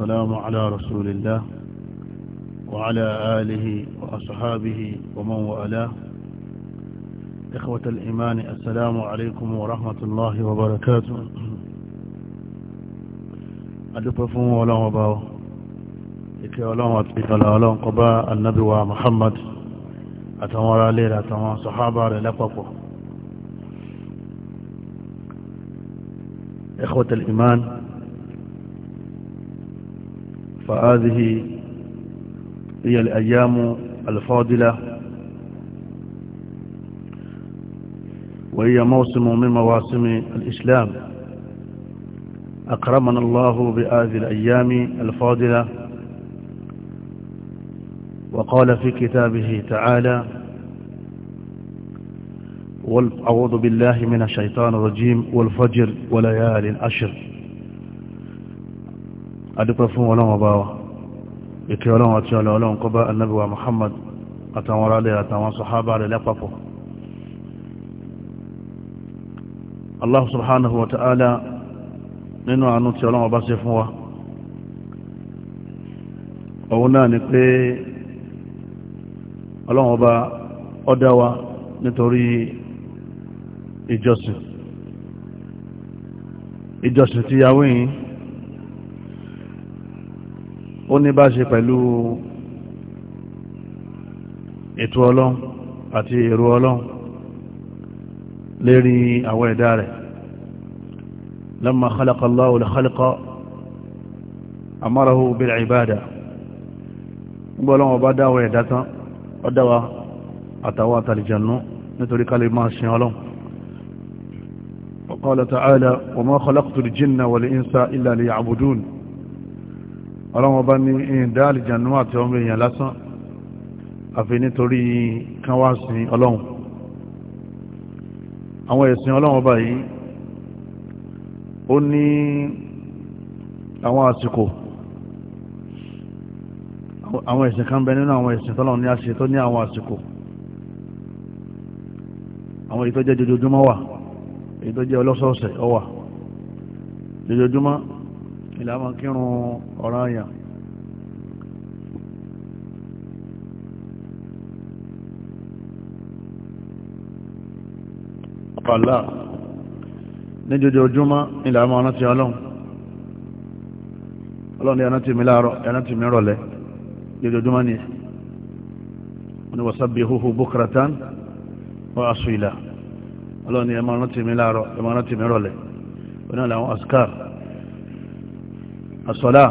والسلام على رسول الله وعلى آله وأصحابه ومن وألاه إخوة الإيمان السلام عليكم ورحمة الله وبركاته أدففهم ولا وباو إكي ولا وطيق ولا قباء النبي ومحمد أتمر ليلة أتمر صحابة للقفه إخوة الإيمان فهذه هي الأيام الفاضلة وهي موسم من مواسم الإسلام أكرمنا الله بهذه الأيام الفاضلة وقال في كتابه تعالى أعوذ بالله من الشيطان الرجيم والفجر وليال العشر adúpẹ́ fún ọlọ́run ọba wa ìkẹ́ ọlọ́run àti ọlọ́ ọlọ́run kó bá ànábì Muhammad àtàwọn aráàlẹ̀ àtàwọn sàhábà rẹ̀ lápapọ̀ Allahu subhanahu wa ta'ala nínú àánú tí ọlọ́run ọba ṣe fún wa òun náà ni pé ọlọ́run ọba ó wa nítorí ìjọsìn ìjọsìn tí yàwó yìí ó ní bá ṣe pẹ̀lú ètò ọlọ́run àti èrò ọlọ́run lérí àwọn ẹ̀dá rẹ̀ lamma khalaqa Allahu al-khalqa amarahu bil-ibada gbogbo ọlọ́run bá dáwọ̀ ẹ̀dá tán ọdáwà àtàwà àtàlìjànú nítorí ká máa sin ọlọ́run wa qala ta'ala wa ma khalaqtu al-jinna ọlọ́wọ́n bá ní ìdá àlìjànú àti ọmọ èèyàn lásán àfi nítorí kan wá sin ọlọ́run àwọn ẹ̀sìn ọlọ́wọ́n bá yìí ó ní àwọn àsìkò àwọn ẹ̀sìn kan bẹ nínú àwọn ẹ̀sìn tọ́lọ́run ní àṣẹ tó ní àwọn àsìkò àwọn èyí tó jojoojúmọ́ wà èyí ọlọ́sọ̀ọ̀sẹ̀ ó jojoojúmọ́ ìlà máa kírun ọ̀ràn àyà pàlá ní jọjọ ojúmọ́ ìlà máa rántí ọlọ́run ọlọ́run ní ẹ̀rántí mi láàárọ̀ ẹ̀rántí mi rọ̀lẹ́ jọjọ ojúmọ́ ni wọ́n wasabbihuhu bukratan wa asila ọlọ́run ní ẹ máa rántí mi láàárọ̀ ẹ máa rántí mi rọ̀lẹ́ onílànà àwọn askar àsọ̀lá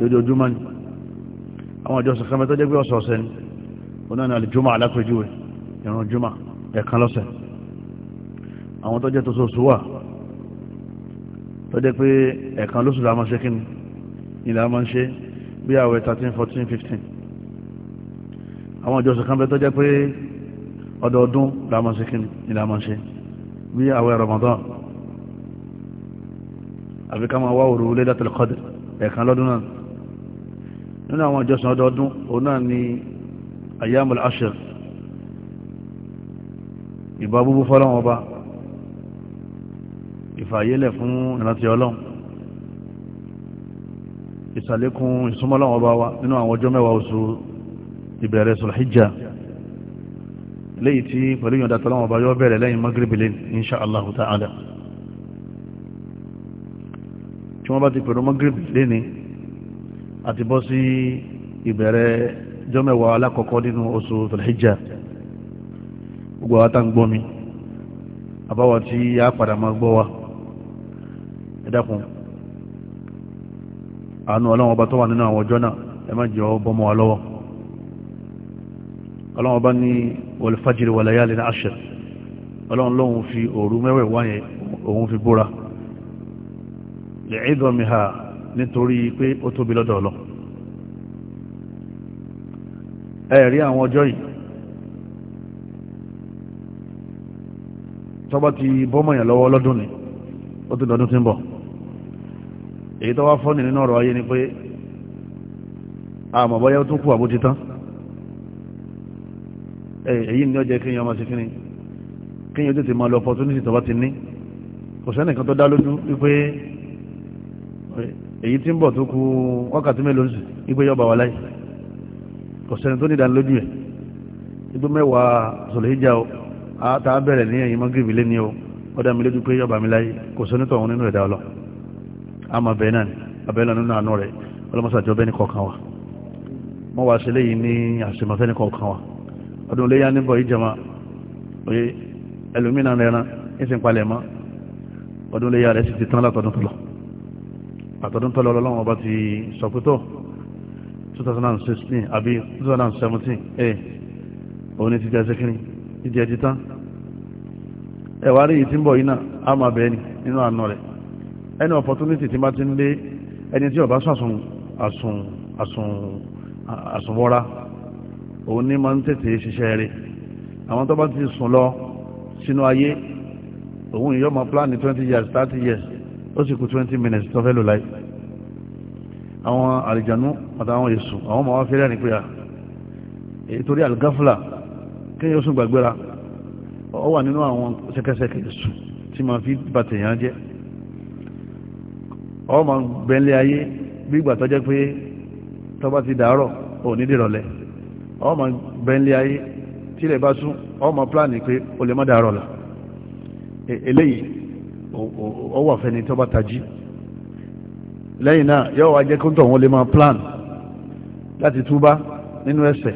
lójoojúmọ́ ni àwọn ìjọsìn kan mẹ́tọ́ jẹ́ pé ọ̀sọ̀ọ̀sẹ̀ ni wọn náà ní alìjúmọ́ alápẹjúwe ìrun júmọ́ ẹ̀kan lọ́sẹ̀ àwọn tó jẹ́ tòṣoṣù wà tó jẹ́ pé ẹ̀kan lóṣù la ni ilẹ̀ bí àwẹ̀ 13 14 15 àwọn ìjọsìn kan mẹ́tọ́ jẹ́ pé ọdọọdún la máa ṣe kí ni ilẹ̀ a máa ṣe bí ẹ̀kan lọ́dún náà nínú àwọn ìjọsìn ọdọọdún òun náà ni ayyamul ashir ìbá búbú fọ́lọ́wọ́n ọba ìfàyélẹ̀ fún ìrántí ọlọ́run ìsàlékún ìsúnmọ́lọ́wọ́n ọba wa nínú àwọn ọjọ́ mẹ́wàá oṣù ìbẹ̀rẹ̀ sulhijja léyìí tí pẹ̀lú yọ̀ǹda tọ́lọ́wọ́n ọba yóò bẹ̀rẹ̀ lẹ́yìn magribilin inṣàlá ta'ala wọ́n bá ti pẹ̀lú magrib léni àti bọ́ sí ìbẹ̀rẹ̀ jọ́mẹ̀wá alákọ̀ọ́kọ́ nínú oṣù tòlẹ́jà gbogbo àwọn táwọn gbọ́ àbáwọ̀ tí a padà máa gbọ́ wa ẹ dákun àánú ọlọ́wọ́n bá tó wà nínú àwọn ọjọ́ náà ẹ má jẹ́ ọ bọ́mọ wa lọ́wọ́ ọlọ́wọ́n bá ní wal fajri wa layalin ashr ọlọ́wọ́n lóhun fi òru mẹ́wẹ̀ẹ́ wáyẹn òun fi búra li'idhamiha nítorí pé ó tóbi lọ́dọ̀ ọlọ́ ẹ̀rí àwọn ọjọ́ yìí tọ́bá ti bọ́mọ̀yàn lọ́wọ́ lọ́dún ni ó ti dọ̀dún tí ń bọ̀ èyí tó wá fọ́nì nínú ọ̀rọ̀ ayé ni pé àmọ̀ bọ́yá tó kú àbójì tán èyí ni ó jẹ́ kíyàn ọmọ sí kíni kíyàn ó tètè máa lọ opportunity ti ní èyí tí ń bọ̀ tó kú wákàtí mélòó sí ipé yọba wà láì kò sẹ́ni tó nídà lójú ẹ̀ ipé mẹ́wàá sọ̀lẹ́jà o àtà bẹ̀rẹ̀ ní ẹ̀yìn mọ́gìrì lé ní o ọdá mi lójú pé yọba mi láì kò sẹ́ni tó àwọn nínú ẹ̀dá ọlọ àmà bẹ́ẹ̀ náà abẹ́ẹ̀ náà nínú àánú rẹ̀ ọlọ́mọsàjọ bẹ́ẹ̀ ní kọ̀ọ̀kan wa àtọ́dún tó lọ́lọ́ lọ́wọ́ bá ti sọ pé tó 2016 àbí 2017 ẹ̀ òun ni títí ẹsẹ̀ kiri títí ẹtí tán ẹ̀wà rí yìí ń bọ̀ yìí á máa bẹ̀ẹ́ ni nínú àna rẹ̀ ẹni opportunity ti bá ti ń lé ẹni tí ọba sàsùn àsùn àsùn àsùnwọ́ra òun ní máa ń tètè ṣiṣẹ́ rẹ̀ àwọn tó bá ti sùn lọ sínú ayé òun yóò máa plan ní 20 years 30 years ó sì kú twenty minutes tó fẹ́ lò láì àwọn àlìjànú àtàwọn èsù àwọn ọmọ wa fẹ́rẹ́ ní pé à torí àlùgáfúlà kéèyàn sùn gbàgbéra ó wà nínú àwọn ṣẹkẹṣẹkẹ èsù tí ma fi bàtẹ̀yàn jẹ́ ọmọ bẹ́ńlẹ̀ ayé bí ìgbà tó jẹ́ pé tọ́ba ti dàárọ̀ òní dìrọ̀lẹ́ ọmọ bẹ́ńlẹ̀ ayé tílẹ̀ bá sún ọmọ pláàni pé o lè má dàárọ̀ la e-, eléyìí ọwọ́ àfẹni tó bá tají lẹ́yìn náà yóò wá jẹ́ kóńtọ̀ wọn lè máa plan láti túbá nínú ẹsẹ̀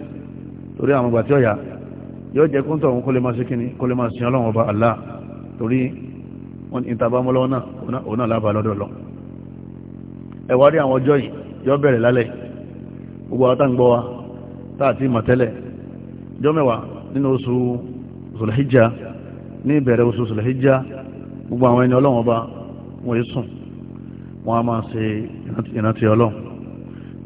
torí àwọn ìgbà tí ó yà yóò jẹ́ kóńtọ̀ wọn kó lè máa ṣe kíni kó lè máa sin ọlọ́run ọba Allah torí wọn ní ìtàbámọ́lọ́wọ́ náà òun náà lábàá lọ́dọ̀ lọ ẹ̀wà rí àwọn ọjọ́ yìí yóò bẹ̀rẹ̀ lálẹ́ gbogbo àwọn táǹgbọ́ wa táàtì mọ̀tẹ́lẹ̀ jọ́mẹ̀wà nínú oṣù Zulhijja ní ìbẹ̀rẹ̀ oṣù Zulhijja gbogbo àwọn ẹni ọlọ́run ọba wọn yìí sùn a máa ṣe ìrántí ọlọ́run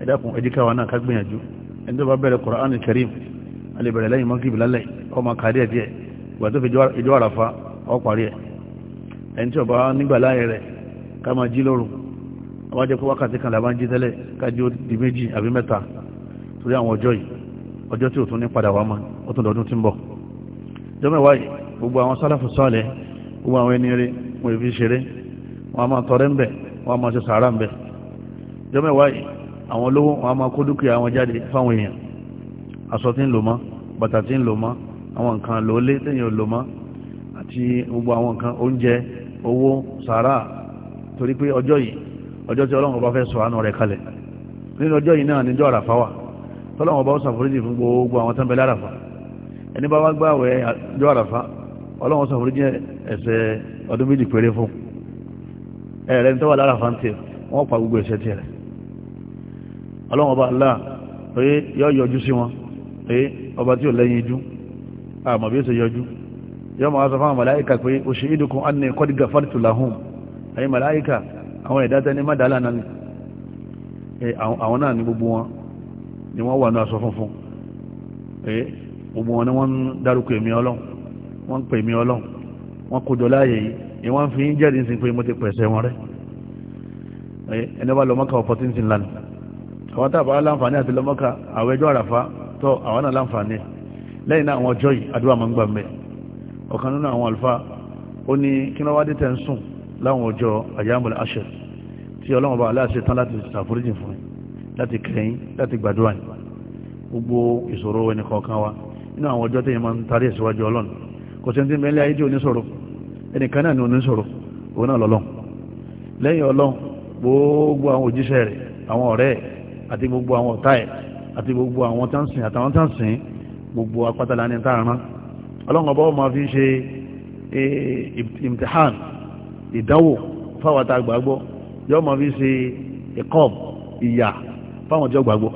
ẹ dákun ẹ jẹ́ ká wa náà ká gbìyànjú bá bẹ̀rẹ̀ Qur'an Karim alẹ́ bẹ̀rẹ̀ lẹ́yìn mọ́gìbì lálẹ́ ọmọ kàdí ẹ̀ fi ọ parí ẹ̀ ọba nígbà láàyè rẹ̀ ká máa jí ọba di àwọn sálàfù sọ́ọ̀lẹ́ gbogbo àwọn ẹni eré wọn èfi ṣeré wọn a máa tọrẹ ń bẹ wọn a máa ṣe sàárà ń bẹ jọmẹwàá yìí àwọn olówó wọn a máa kó dúkìá wọn jáde fáwọn èèyàn aṣọ tí ń lò mọ́ bàtà tí ń lò mọ́ àwọn nǹkan lòólé téèyàn lò mọ́ àti gbogbo àwọn nǹkan oúnjẹ owó sàárà torí pé ọjọ́ yìí ọjọ́ tí ọlọ́run ọba fẹ́ sọ àánú rẹ̀ kalẹ̀ nínú ọjọ́ yìí náà níjọ́ àràfá wà tọ́lọ́run ọba ó ṣàforíjì fún gbogbo àwọn tán bẹ ẹni bá wá gbààwẹ̀ ọjọ́ àràfá ọlọ́wọ́n sọ fòrí jẹ́ ẹ̀ṣẹ̀ ọdún méjì péré fún ẹ̀rẹ́ ní tọ́wà lára fáńtì wọ́n pa gbogbo ẹ̀ṣẹ̀ tiẹ̀ ọlọ́wọ́n ọba aláà pé yọ yọjú sí wọn pé ọba tí ò lẹ́yìn ijú àmọ́ bí ó ṣe yọjú yọ máa sọ fáwọn màláìka pé o ṣe ìdùkún á ní kọ́ dígà fáńtì làhùn ẹ̀yin màláìka àwọn ẹ̀dá tẹ́ni má dàálà náà àwọn náà ní gbogbo wọn ni wọ́n wà ní aṣọ funfun gbogbo wọn ni wọ́n dárúkọ èmi ọlọ́run wọ́n ń pè mí ọlọ́run wọ́n kójọ láàyè yìí ni wọ́n fi ń jẹ́rìí sí pé mo ti pẹ̀sẹ̀ wọn rẹ́ ẹni bá lọ́mọ́ka opportunity ńlá ni àwọn tàbá láǹfààní àti lọ́mọ́ka àwẹ́jọ́ àràfá tọ́ àwọn náà láǹfààní lẹ́yìn náà àwọn ọjọ́ yìí àdúrà máa ń gbà mẹ́ ọ̀kan nínú àwọn àlùfáà ó ní kí wọ́n wá dé tẹ́ ń sùn láwọn ọjọ́ àyàmùlẹ̀ àṣẹ tí ọlọ́run bá aláṣẹ tán láti ṣàforíjì fún láti kẹyìn láti gbàdúrà gbogbo ìṣòro ẹnì kọ̀ọ̀kan wa nínú àwọn ọjọ́ tẹ́yìn máa ń tarí ẹ̀síwájú kò sí ti mẹ́lẹ́ ayé tí oníṣòro ẹnìkan náà ni oníṣòro òun náà lọ́lọ́n lẹ́yìn ọlọ́n gbogbo àwọn òjíṣẹ́ rẹ̀ àwọn ọ̀rẹ́ àti gbogbo àwọn ọ̀tá ẹ̀ àti gbogbo àwọn táǹsìn àtàwọn táǹsìn gbogbo apátálá ní táàrán ọlọ́run ọba ọmọ fi ń ṣe e, imtihan ìdánwò fáwọn tá a gbàgbọ́ yọ ọmọ fi ṣe ẹ̀kọ́ ìyà fáwọn tí ó gbàgbọ́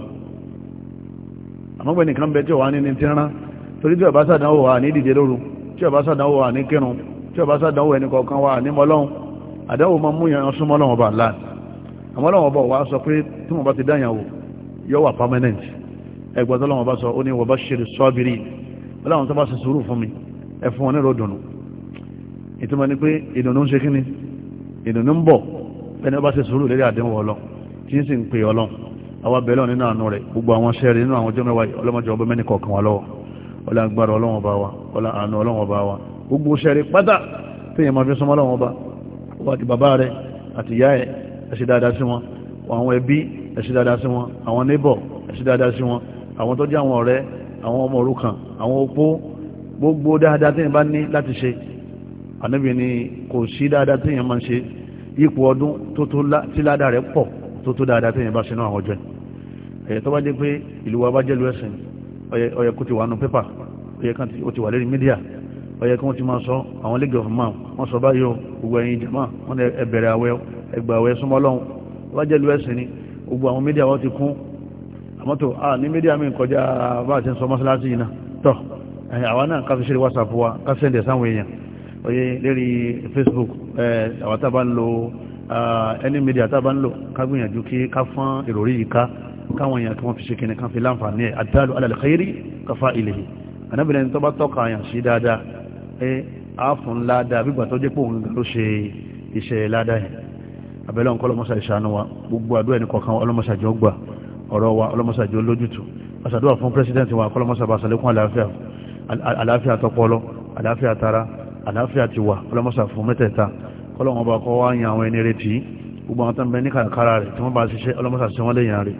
àmọ́gbẹ́ nìkan bẹ tí ò wá ní ní tí ń torí tí ọ̀bá sàdánwò wà ní ìdíje lóru tí ọba sàdánwò wà ní kírun tí ọba sàdánwò ẹni kọ̀ọ̀kan wà ní mọ́lọ́hun àdánwò máa mú yàn súnmọ́ lọ́wọ́ bá láà àmọ́ lọ́wọ́ bá wà sọ pé tí wọ́n bá ti dáyàn wò yóò wà permanent ẹgbẹ́ tó lọ́wọ́ bá sọ ó ní wọ́n bá ṣe sọ́bìrì ọlọ́run tó bá ṣe sùúrù fún mi ẹ fún wọn ní ròdùnú ìtumọ̀ ni pé ìdùnnú ń ṣe ni ìdùnnú ń bọ̀ ẹni bá ṣe sùúrù lérí àdéhùn ọlọ́run tí ń sì ń pè ọlọ́run àwọn abẹ́lẹ́ nínú àánú rẹ̀ gbogbo àwọn ṣẹ́ẹ̀rì nínú àwọn ọjọ́ mẹ́wàá ọlọ́mọjọ́ ọbẹ̀ mẹ́nìkọ̀ọ̀kan wà lọ́wọ́ ọlá agbára ọlọ́wọ́n bá wa ọlá àánú ọlọ́wọ́n bá wa gbogbo ṣẹ́rí pátá tẹ́yìn máa fi súnmọ́ ọlọ́wọ́n bá wà ti bàbá rẹ̀ àti ìyá ẹ̀ ẹ ṣe dáadáa sí wọn àwọn ẹbí ẹ ṣe dáadáa sí wọn àwọn neighbor ẹ ṣe dáadáa sí wọn àwọn tó jẹ́ àwọn ọ̀rẹ́ àwọn ọmọ òrukàn àwọn opó gbogbo dáadáa tẹ́yìn bá ní láti ṣe ànábì ni kò sí dáadáa tẹ́yìn máa ń ṣe yípo ọdún tó tó tí ládàá rẹ̀ pọ̀ tó tó dáadáa tẹ́yìn bá ṣe náà àwọn ọjọ́ ẹ̀ tó bá jẹ́ pé ìlú wa bá jẹ́lu ẹ̀sìn ọyẹ kó ti wà nù pépà ọyẹ kan ó ti wà lérí mídíà ọyẹ kan ó ti máa sọ àwọn league of man wọ́n sọ báyìí o gbogbo ẹ̀yin jama wọ́n ní ẹbẹ̀rẹ̀ ẹgbà àwẹ̀ súnmọ́ lọ́hùn wájẹ́lu ẹ̀sìn ni gbogbo àwọn mídíà wọ́n ti kún àmọ́tò à ní mídíà mi kọjá bá a ti ń sọ mọ́sálásí yìí náà tọ́ àwa náà ká fi ṣe whatsapp wa ká sẹ́ndẹ̀ sáwọn èèyàn ọyẹ lérí facebook àwọn tábà ń lo ẹni mídíà tábà ń lò ká gbìyànjú kí ká fọ́n ìròrí yìí ká káwọn èèyàn tí wọ́n fi ṣe kìnnì kan fi láǹfààní ẹ̀ àdálù alàlẹ́kẹ́rì kọfà ilẹ̀ anábìnrin tó bá tọ́ka àyàn sí dáadáa ẹ àáfún ládàá bí gbàtọ́ jẹ́ pé òun ló ṣe iṣẹ́ ládàá yẹn abẹ́lẹ́ ọlọ́mọṣà ìṣàánú wa gbogbo àdúrà ẹni kọ̀ọ̀kan ọlọ́mọṣà gbà ọ̀rọ̀ wa ọlọ́mọṣà lójútù gbogbo àwọn tó ń bẹ ní kàkàrà rẹ̀ tí wọ́n bá ṣiṣẹ́ ọlọ́mọṣà wọ́n lè yàn rẹ̀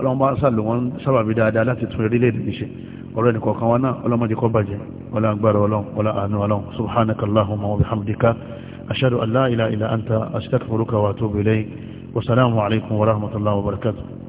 ọlọ́run bá sàlù wọn sábàbí dáadáa láti tún orílẹ̀-èdè níṣẹ́ ọ̀rọ̀ ẹnì kọ̀ọ̀kan wa náà ọlọ́mọdé kọ́ bàjẹ́ ọlá agbára ọlọ́run ọlá àánú ọlọ́run subhanaka allahumma wa bihamdika ashhadu an la